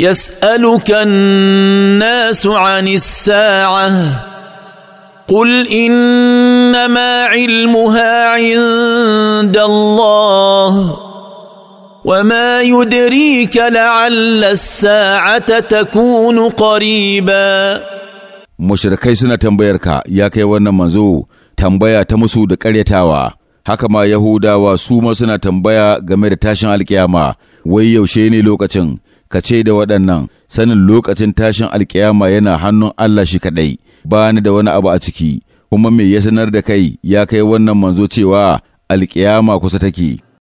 يسالك الناس عن الساعه قل انما علمها عند الله وما يدريك لعل الساعه تكون قريبا mushrikai suna tambayarka ya kai wannan manzo tambaya ta musu da ƙaryatawa haka ma yahudawa suma suna tambaya game da tashin alkiyama wai yaushe ne lokacin ka ce da waɗannan sanin lokacin tashin alƙiyama yana hannun Allah shi kaɗai, ba ni da wani abu a ciki, kuma mai ya sanar da kai ya kai wannan manzo cewa Alƙiyama kusa take.